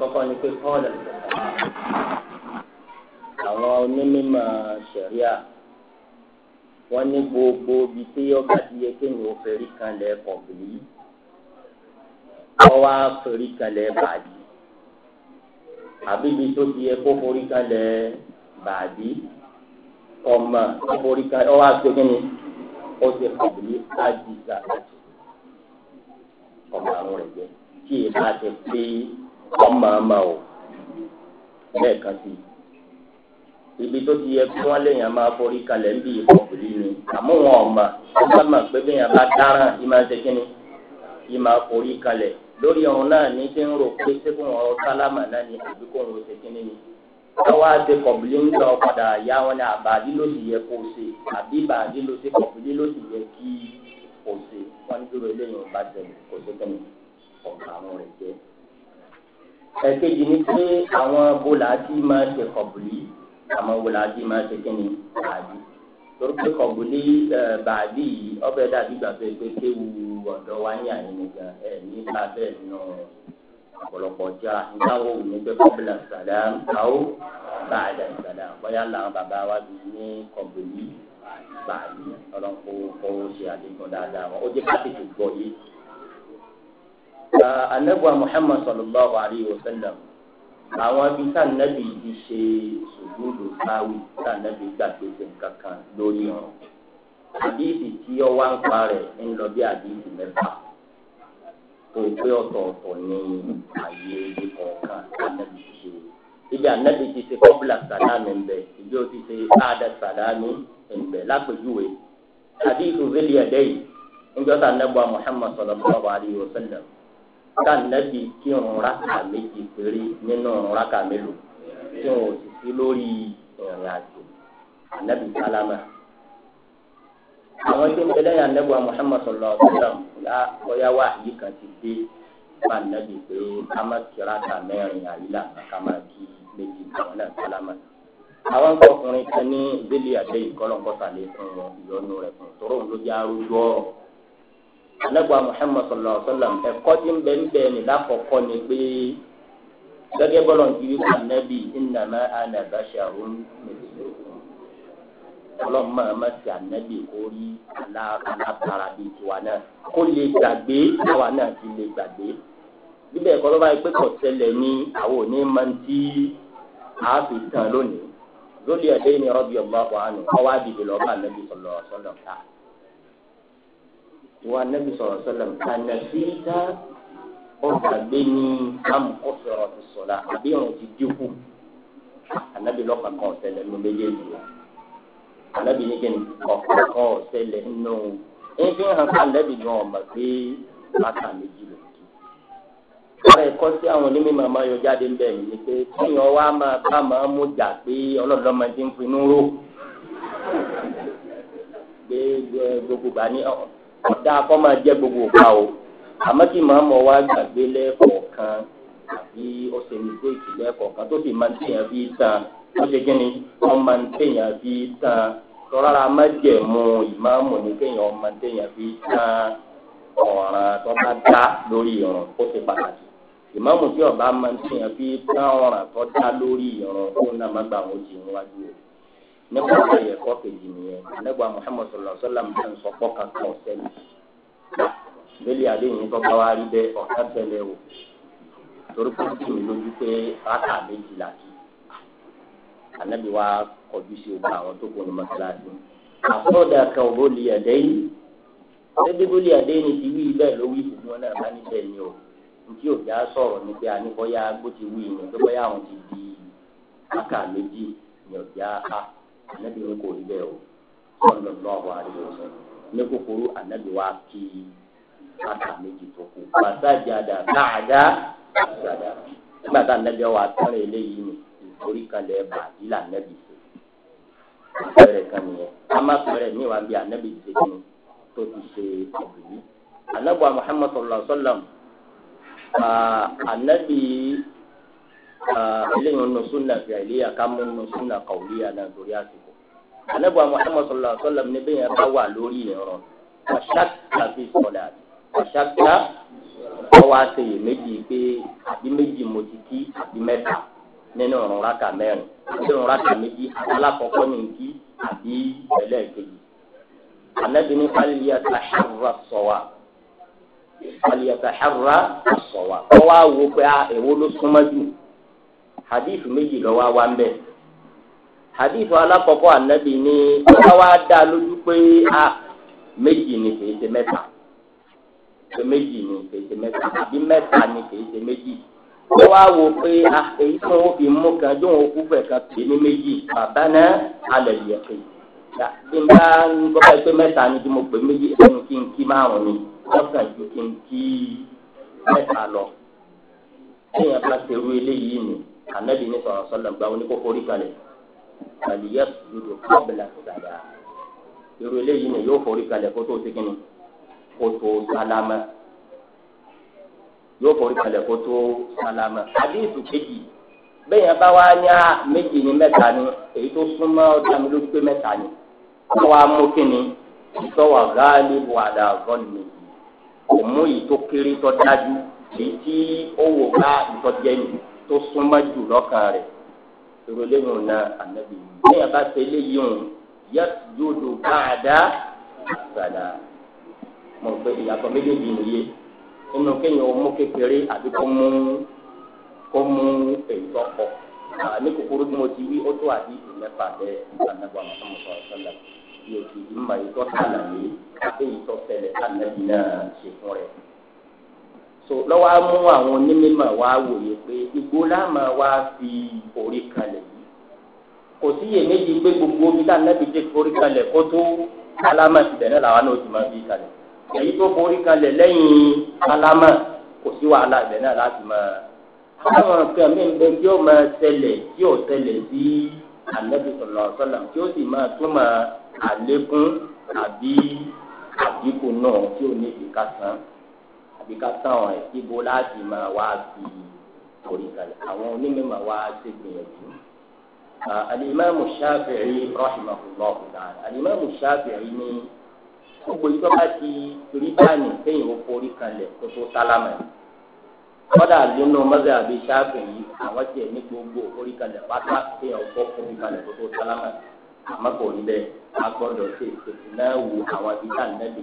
àkọ́kọ́ ni pé kọ́ọ̀lẹ̀ àwọn onímọ̀ ṣẹ̀ríà wọ́n ní gbogbo ibi tí ọba ti yẹ kéèyàn ó fẹ́rí kanlẹ̀ kọ̀bìlì ọwọ́ fẹ́rí kanlẹ̀ bàdí àbí ibi tó ti yẹ kó forí kanlẹ̀ bàdí ọmọ forí kanlẹ̀ ọwọ́ agbẹ́kẹ́ni ó ti kọ̀bìlì ájì gbàgbà ọmọ àwọn rẹ̀ jẹ́ kí ìbá ti pé ọmọ àmà o lẹ́ẹ̀kan sí i ibi tó ti yẹ kí wọ́n lè yàn máa forí kalẹ̀ ń bí ìkọ̀kùlì ni àmọ́ wọn ọ̀mà wọ́n bá mà pé bí yàn bá dáràn yìí máa ń ṣe kínní yìí máa forí kalẹ̀ lórí ọ̀hún náà ní tí ń rò pé ṣé kò wọ́n sálámà náà ni àbí kò wọ́n ṣe kínní ni wọ́n wá ṣe kọ̀bìlì ń lọ padà yá wọn ní àbàdí ló sì yẹ kó o ṣe àbí bàdí ló ṣe kọ̀bìlì ló sì yẹ kí o ṣe wọ́n dúró eléyìí ẹ̀kejì ni pé àwọn bọ́lá tí máa ṣe kọ̀bùlì àwọn bọ́lá tí máa ṣe kíni bàbí torí pé kọ̀bùlì bàbí yìí ọbẹ̀ dàbí gbà pé pé kéwu ọ̀dọ́ wa ní àyè nìkan ẹ̀ nígbà bẹ́ẹ̀ nù ọ̀pọ̀lọpọ̀ já nígbà wo ní pé kọ́bùlà sàlám àwọ̀ bàdà sàlám bóyá làwọn bàbá wa bí ní kọ̀bùlì bàbí ọlọ́kọ̀ kọ́ ṣe àdékùn dáadáa wọn ó jẹ́ ká gbọ́ yìí anabuwa ah, muhammad sallallahu alayhi wa sallam àwọn ibi tá anabi ti ṣe sùgbúdù báwí tá anabi gbàgbèsè kankan lórí ọ̀rọ̀ àdìsí tí ó wá ń parẹ̀ ń lọ bí àdìsí mẹ́fà tó pé ọ̀tọ̀ọ̀tọ̀ ní àyè ibi kọ̀ọ̀kan anabi ti ṣe ibi anabi ti ṣe kọ́bùlà sàlámì ń bẹ ibi ó ti ṣe áàdà sàlámì ń bẹ lápèjúwe àdìsí òfìlì ẹ̀dẹ́yìí ń jọ́ta anabuwa muhammad sallallahu alayhi wa sallam kánẹ́bì kírun rákà méjì péré nínú rákà mélòó tí wọn ò sì sí lórí ìrìn àjò ànẹ́bì sálámà. àwọn tí ń bẹ lẹ́yìn ànẹ́bì wa Muhammad sallallahu alaihi wasallam ya ọ̀yá wa yìí kan ti dé bá ànẹ́bì pé ká má kí rákà mẹ́rin àyílà ká má kí méjì àwọn náà sálámà. àwọn ọkùnrin kan ní bílí àdéhìí kọ́lọ́ńkọ́ta lè fún wọn ìyọnu rẹ̀ fún tọ́rọ̀ ló jẹ́ arójú ọ̀rọ̀ anagba muhammad sallallahu alaihi wa sallam ẹ̀kọ́ tí ń bẹ ń bẹ ní lákọ̀ọ́kọ́ ni pé gẹ́gẹ́ bọ́lá ń kiri kú nẹ́bí ìnàmá anabasharun mẹsìlẹ́kùn ọlọ́run máa ma ti ànẹ́bí orí alábàárà bíi tiwa náà kó lè gbàgbé àwa náà ti lè gbàgbé bíbẹ̀ ẹ̀kọ́ ló bá yẹ pé kọ̀tẹ́lẹ̀ ní àwọn òní máa ń tí a fi tán lónìí lórí ẹ̀dẹ́ ni rọ́bì ọ̀gbọ́n àwọn àná ọwọ́ àdìgbò lọ́ọ́ bá ànẹ́bí sọ̀lọ̀ ká ìwà nẹ́bí sọ̀rọ̀ sọ́lẹ̀m ànàsíta ọ̀gbàgbé ní amukọ̀sọ̀rọ̀ ti sọ̀la àbí ọ̀run ti dínkù ànábì lọ́kàn kan ọ̀sẹ̀lẹ̀ nínú méjèèjì wa ànábì ní kíni ọ̀kàn kan ọ̀sẹ̀lẹ̀ nínú ẹni fi hàn ká ànábì ní ọ̀mà pé bàtà méjì lò kí. ọ̀rọ̀ ẹ̀kọ́ sí àwọn onímọ̀ màmá yọ jáde ń bẹ̀ mí ni pé kíyàn wá máa bá máa mú jà pé ọlọ́dọ̀ máa ti ń finú ró gbogbo bá ní ọ̀hún ọ̀dà akọ́ máa jẹ́ gbogbo ìgbà o àmọ́ kí màmá wa gbàgbé lẹ́ẹ̀kọ̀ọ̀kan àbí ó ṣe ní gbé ìkìlẹ̀ kọ̀ọ̀kan tó sì máa ń tẹ̀yàn bí tán ó ṣe kí ni wọ́n máa ń tẹ̀yàn bí tán tọ́lára májẹ̀mú ìmáàmù ní kéèyàn máa ń tẹ̀yàn bí tán ọ̀ràn tó bá dá lórí ìrùn ó ṣe pàtàkì ìmáàmù tí ọba máa ń tẹ̀yàn bí tán ọ̀ràn tó dá lórí ìrùn ó náà má gbà wọ́n jì níwájú rẹ̀ nípa ìyẹn ẹ̀kọ́ kejì nìyẹn nígbà muhammed sallallahu alayhi wa sallam ń sọ pọ́ kankan ọ̀sẹ́ni lórí àdéhùn tó bá wá rí bẹ́ẹ̀ ọ̀sẹ̀ tẹ́lẹ̀ o torí kó tì mí lójú pé rákà méjì làkì ànábì wa kọjú sí ogun àwọn tó kún ní mọ́sálásí àtọ́dà kan ò bóli àdéhùn dédé bóli àdéhùn ti wí bẹ́ẹ̀ ló wí ìdùnnú náà bá níbẹ̀ ni o nítí òjá sọ̀rọ̀ ní pé àníbọ̀yá bó ti wí ìyẹn tó bọ́yá àwọn ti di rákà méjì ni òjá á ànábì ní kò rí bẹ́ẹ̀ o sọ̀rọ̀ lọ́wọ́ àríwá sọ ní kúkúrú ànábì wa kí bàtà méjì tó kù bàtà jàdà bàdà jàdà nígbà tá ànábì wa tẹ́lẹ̀ eléyìí ni ìforí kalẹ̀ bàdí là ànábì ṣe bẹ̀rẹ̀ kan nìyẹn a má bẹ̀rẹ̀ ní wa bí ànábì ṣe kí tó ti ṣe ìbùdí ànábì wa muhammadu sallallahu alaihi wa sallam ànábì eléyìí nínú súnà fìlíyà ká mú nínú súnà kàwéyà náà torí àti anabuwa muhammad sallallahu alaihi wa sallam ni bẹ́ẹ̀ bá wà lórí ìrun wàṣàkà fi sọ̀dà wàṣàkà ọwọ́ àṣeyè méjì pé àbí méjì mo ti kí àbí mẹ́ta nínú ìrun rákà mẹ́rin nínú ìrun rákà méjì alákọ̀ọ́kọ́ ní kí àbí ẹlẹ́ẹ̀kejì anabi ní fàlíyà tàṣàrà sọ̀wà fàlíyà tàṣàrà sọ̀wà ọwọ́ àwọ̀ pé ah, èwo ló súnmọ́ jù hadith méjì lọ́wọ́ wa ń bẹ̀rẹ̀ hadith alakọ̀kọ́ anabi ni ọba wa dá lójú pé a méjì ni kìí ṣe mẹ́ta ṣe méjì ni kìí ṣe mẹ́ta àbí mẹ́ta ni kìí ṣe méjì ó wá wo pé a èyí tí wọn fi mú kan jó wọn kú fẹ kan pè ní méjì bàbá náà alẹ yẹ pé bí n bá ń gbọ́ pé pé mẹ́ta ni tí mo pè méjì ẹnu kí n kí márùn ni wọ́n kàn ju kí n kí mẹ́ta lọ ẹ̀yìn abúlé ṣerú eléyìí ni anabi ní sọ̀rọ̀ sọ́lá gba oníkókó rí kalẹ̀ àlìyé lòdò kọ́bìlà sàdá irú eléyìí ni yóò forí kalẹ̀ kó tó ṣe kínní kó tó sálámà yóò forí kalẹ̀ kó tó sálámà àdéhùn kejì bẹ́ẹ̀ yẹn bá wá ní a méjì ní mẹ́ta ni èyí tó súnmọ́ ọjà mi ló pé mẹ́ta ni wọ́n wá mú kínní ìtọ́wà gáálí wàdà vọ́ọ̀nì kò mú yìí tó kéré tó dájú èyí tí ó wò bá ìtọ́jẹ́ mi tó súnmọ́ jù lọ́kàn rẹ̀ irú eléyìí ọ̀nà ànábì lẹ́yìn abá ṣe eléyìí ọ̀hún yá yóòdù báadá àgbàdá mọ̀ pé ìyàtọ̀ méjèèjì nìyé nínú kéèyàn ó mú kékeré àbí kó mú kó mú èyítọ́ pọ̀ ní kúkúrú tí mo ti wí ó tó àdí ìmẹ́fà bẹ́ ànábì àmọ́tọ́mọ́ sọ̀rọ̀ sọ́lá yóò ti ìmọ̀ èyítọ́ sàlàyé àbí èyítọ́ tẹ̀lé ànábì náà ṣe fún rẹ̀ so lọ́wọ́ á mú àwọn onímọ̀ wá wòye pé igbó láàmà wá fi orí kalẹ̀ yìí kò sí iyèméjì pé gbogbo omi tá nàbí jẹ́ forí kalẹ̀ kó tó alámà ti bẹ̀rẹ̀ làwọn náà ti máa fi kalẹ̀ èyí tó forí kalẹ̀ lẹ́yìn alámà kò sí wàhálà ibẹ̀ náà láti máa àwọn nǹkan mi ń bẹ tí ó máa ṣẹlẹ̀ tí ó ṣẹlẹ̀ sí ànábì sọ̀rọ̀ sọ̀rọ̀ tí ó sì máa túmọ̀ àlékún àbí àdínkù náà tí ò ní ìdíkà sàn àbí ká táwọn ẹ̀ síbo láti máa wá bí orí kalẹ̀ àwọn onímọ̀ wá ṣe gbìyànjú. alimami shafi'i rahimahullah ta'ala alimami shafi'i ni gbogbo ìtọ́ bá ti rí báyìí kéèyàn ó forí kalẹ̀ kó tó sálámà yìí kọ́dà nínú mọ́tò àbí ṣáàfin yìí àwọn tiẹ̀ ní gbogbo orí kalẹ̀ pátá kéèyàn kọ́ forí kalẹ̀ kó tó sálámà àmọ́ kò ní bẹ́ẹ̀ a gbọ́dọ̀ ṣe ìṣèṣin náà wo àwọn ibi tá à ń nẹ́bi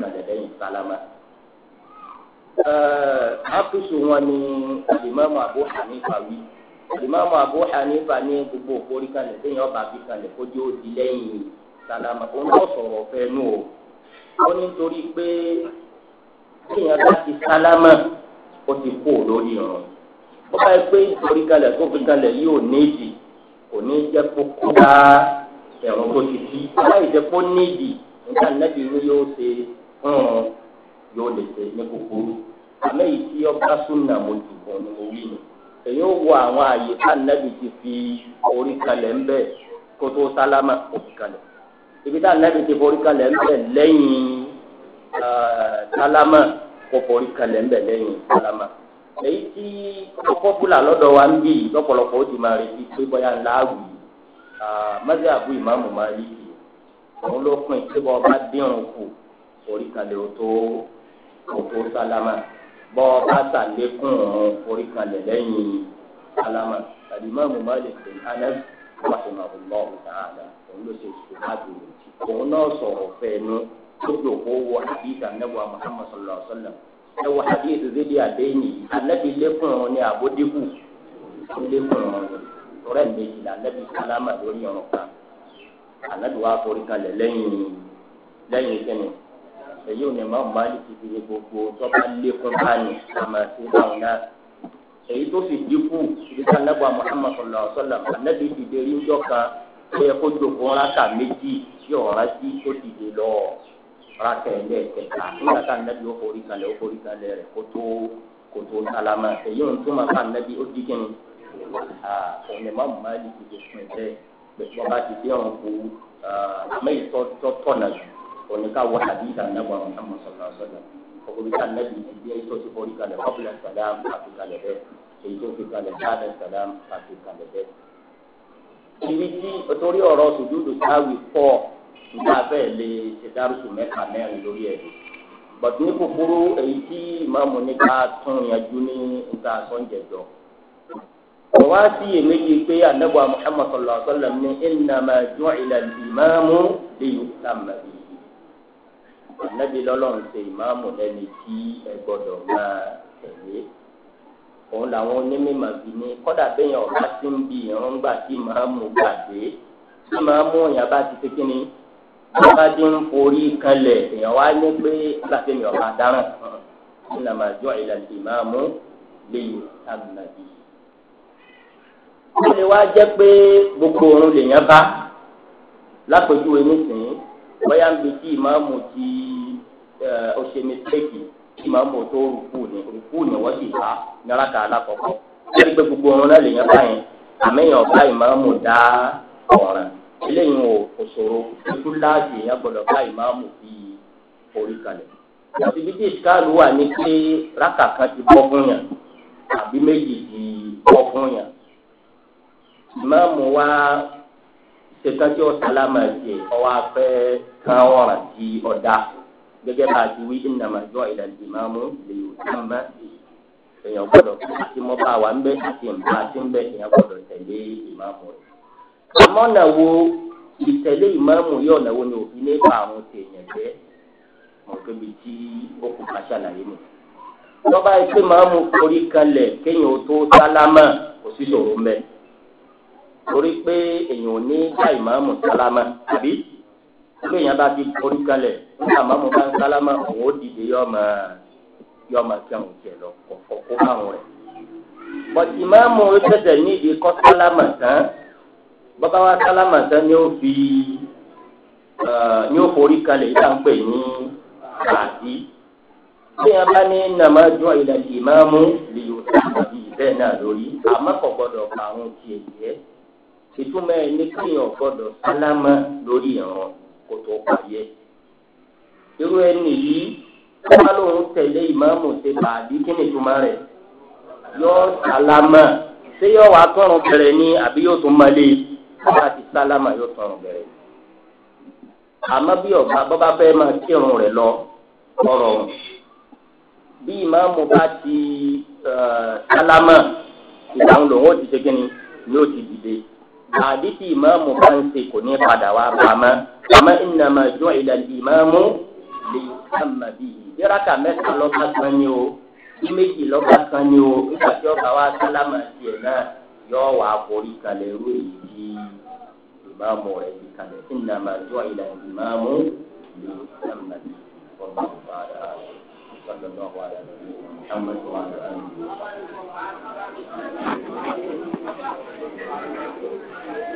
kalẹ̀ lẹ́yìn sálámà. Eh, akusu wọn ni alimami abu hanifa wi alimami abu hanifa ní gbogbo òkórí kan lè sẹ́yìn ọba bí kan lè kójú ó di lẹ́yìn salama ó ń bọ̀ sọ̀rọ̀ fẹ́ nù o ó ní torí pé kéèyàn bá ti salama ó ti kú lórí irun ó bá yẹ pé ìkórí kan lè kófin kan lè yóò nídìí kò ní jẹ́ kó kúra ẹ̀rọ tó ti fi láì jẹ́ kó nídìí nígbà nẹ́bí yóò ṣe fún un. yóò lè ṣe ní kúkúrú àmọ́ èyí tí ọba súnà mo jù wọn ni mo wí èyí ó wo àwọn àyè ànábì ti fi orí kalẹ̀ ń bẹ̀ kó tó sálámà orí kalẹ̀ ibi tá ti forí kalẹ̀ ń bẹ̀ lẹ́yìn sálámà kó forí kalẹ̀ ń bẹ̀ lẹ́yìn sálámà èyí tí lọ́dọ̀ wa ń bì lọ́pọ̀lọpọ̀ ó ti máa retí pé bọ́yá ńlá mọ́tí àbú ìmáàmù máa yí kì í òun ló dín òun kù kalẹ̀ ó tó. òkú sálámà bọ́ ọba sàlékún ọ̀run orí kalẹ̀ lẹ́yìn sálámà tàbí mọ́mú mọ́lẹ̀ pé anábì wàhùnà ọ̀nà ọ̀nà òun ló ṣe sùn láti lè jì òun náà sọ̀rọ̀ fẹ́ẹ́nu tó jò kó wọ àdìsá nẹ́wà muhammad sallallahu alayhi wa sallam ẹwà àdìsá zédé àdéhìn anábì lékún ọ̀run ní àbódékù ó lékún ọ̀run rẹ̀ méjìlá anábì sálámà lórí ọ̀run kan anábì wà forí kalẹ̀ lẹ́yìn lẹ́yìn kẹ́ni èyí ò ní ma ọmọ alìsí ti di gbogbo tọ́ba lé kọ́ba ní àmà sí àwọn náà èyí tó sì dínkù ìdíkà lẹ́gbàá muhammad sọlá ọ̀sọ́lá ànábi dìde rí ọjọ́ kan ó yẹ kó jòkó rákà méjì tí ọ̀rá sí tó dìde lọ rákà ẹlẹ́ẹ̀kẹta nígbà tá ànábi ó forí kalẹ̀ ó forí kalẹ̀ rẹ̀ kó tó kó tó sálámà èyí ò ń túmọ̀ ká ànábi ó di kíni òun ní ma ọmọ alìsí ti fún ẹ bẹ́ẹ̀ bọ́ba ti dé ọ̀run kú àmọ́ ìtọ́tọ́ tọ̀nà jù oníkà wọ àdìsá nàbà muhammad sallallahu alaihi wa sallam ọkùnrin ká nàbì ti bí ẹjọ́ ti forí kalẹ̀ ọ̀bùlà sàlám àti kalẹ̀ bẹ́ẹ̀ èyí tó fi kalẹ̀ dáadẹ́ sàlám àti kalẹ̀ bẹ́ẹ̀. ibi tí torí ọ̀rọ̀ sùdúdù sáwì pọ̀ nígbà bẹ́ẹ̀ lè ṣe dárúsù mẹ́ta mẹ́rin lórí ẹ̀ bọ̀dé kúkúrú èyí tí ìmáàmù ní ká tún yanjú ní nǹka sọ́njẹ̀jọ́ wọ́n wá sí èméjì pé anábọ̀ muhammad sallallahu alaihi wa sallam ní ìnàmà jọ́ ìlànà ìmáàmù lè yóò sàmàlì ànábì lọ́lọ́run ṣe ìmáàmù lẹ́ni tí ẹ gbọ́dọ̀ máa tẹ̀lé òun làwọn onímọ̀ bí ní kọ́dà bẹ́yàn ọ̀gá sí ń bi ìrún gbà tí ìmáàmù gbàgbé tí ìmáàmù èèyàn bá ti ṣe kí ni wọ́n bá ti ń forí kanlẹ̀ èèyàn wá ní pé láti mi ọ̀gá dáràn nínú àmàjọ ìlànà ìmáàmù lè yọ àgbàdì. ó lè wá jẹ́ pé gbogbo òun lèèyàn bá lápèjúwe nísìnyí bóyá ń bi tí ìmáàmù ti ọ̀sẹ̀ mẹ́tẹ́ẹ̀kì tí ìmáàmù tó rùkú ni rùkú ni wọ́n sì bá náírà kà á lákọ̀ọ́kọ́ lórí pé gbogbo ọ̀run náà lè yẹn báyìí àmẹ́yìn ọ̀gá ìmáàmù dá ọ̀ràn eléyìí ò kò ṣòro ojú láàbì yẹn gbọ́dọ̀ bá ìmáàmù fi orí kalẹ̀ àtibí tí ìsìkáàlù wà ní pé rákà kan ti bọ́ fún yàn àbí méjì ti bọ́ fún yàn ìmáàmù wa ṣèkan tí ọ̀sálámà ṣe ọwọ́ afẹ́ kan ọ̀ràn tí ọ̀dà gẹ́gẹ́ bá a ti wí ìnàmàjọ́ ìdàgbé máa mú lèyò tó má sí èèyàn gbọ́dọ̀ àti mọ́bà wa ń bẹ́ àti nǹkan àti ń bẹ́ èèyàn gbọ́dọ̀ tẹ̀lé ìmáàmù rẹ̀. àmọ́ ọ̀nà wo ìtẹ̀lé ìmáàmù yóò náwó ni òfin ní ipa àwọn tèèyàn jẹ́ mọ̀gbẹ́bi tí ó kù ká ṣàlàyé nù. lọ́ba ẹgbẹ́ máàmù forí kalẹ̀ kéèyàn tó sálámà kò sí ṣòro mẹ́rin torí pé èèyàn ò ní já ìmáàmù sálámà àbí ilé èèyàn bá ti forí kalẹ̀ nígbà máàmù bá ń sálámà òun ó dìde yọmọ yọmọ kí àwọn òjẹ lọ kọ̀ọ̀kọ̀ kó báwọn rẹ̀. bọ̀dì máàmù ó ṣẹ̀ṣẹ̀ nídìí kọ́ sálámà tán bọ́bá wa sálámà tán ni ó fi ni ó forí kalẹ̀ yíyá ń pè ní àdí. ilé èèyàn bá ní nàmá jọ ìlànà ìmáàmù lè yóò sábà bíi náà lórí àmọ́ kò gbọ́dọ̀ pa àwọn òkè yẹn ìtumọ̀ ẹ̀ ní kéèyàn gbọ́dọ̀ sálámà lórí ìrun kó tó parí ẹ̀. irú ẹni yìí wọ́n lóun tẹ̀lé ìmáàmù ṣe bàbí kí ni ìtumọ̀ rẹ̀ yóò sálámà ṣé yóò wá tọrùn bẹ̀rẹ̀ ni àbí yóò tún máa lé láti sálámà yóò tọrùn bẹ̀rẹ̀. àmọ́ bí ọ̀gá bọ́bá fẹ́ máa kírun rẹ̀ lọ ọ̀rọ̀ bí ìmáàmù bá ti sálámà ìdáhùn lòun ó ti ṣe kí ni ni ó ti dìde àdìsí ìmáàmù bá ń ṣe kò padà wá pamọ́ àmọ́ ìnàmà jọ ìdàlì ìmáàmù lè sàmà bí i ìrákà mẹ́ta kan ni o bí méjì lọ́ba kan ni o nígbà tí ọba wa sálámà tiẹ̀ náà yọ wà forí kalẹ̀ rú èyí tí ìmáàmù rẹ̀ ti kalẹ̀ ìnàmà jọ ìdàlì ìmáàmù lè sàmà bí i ọba ìbára rẹ̀. 上这么多花来着，他们说来着。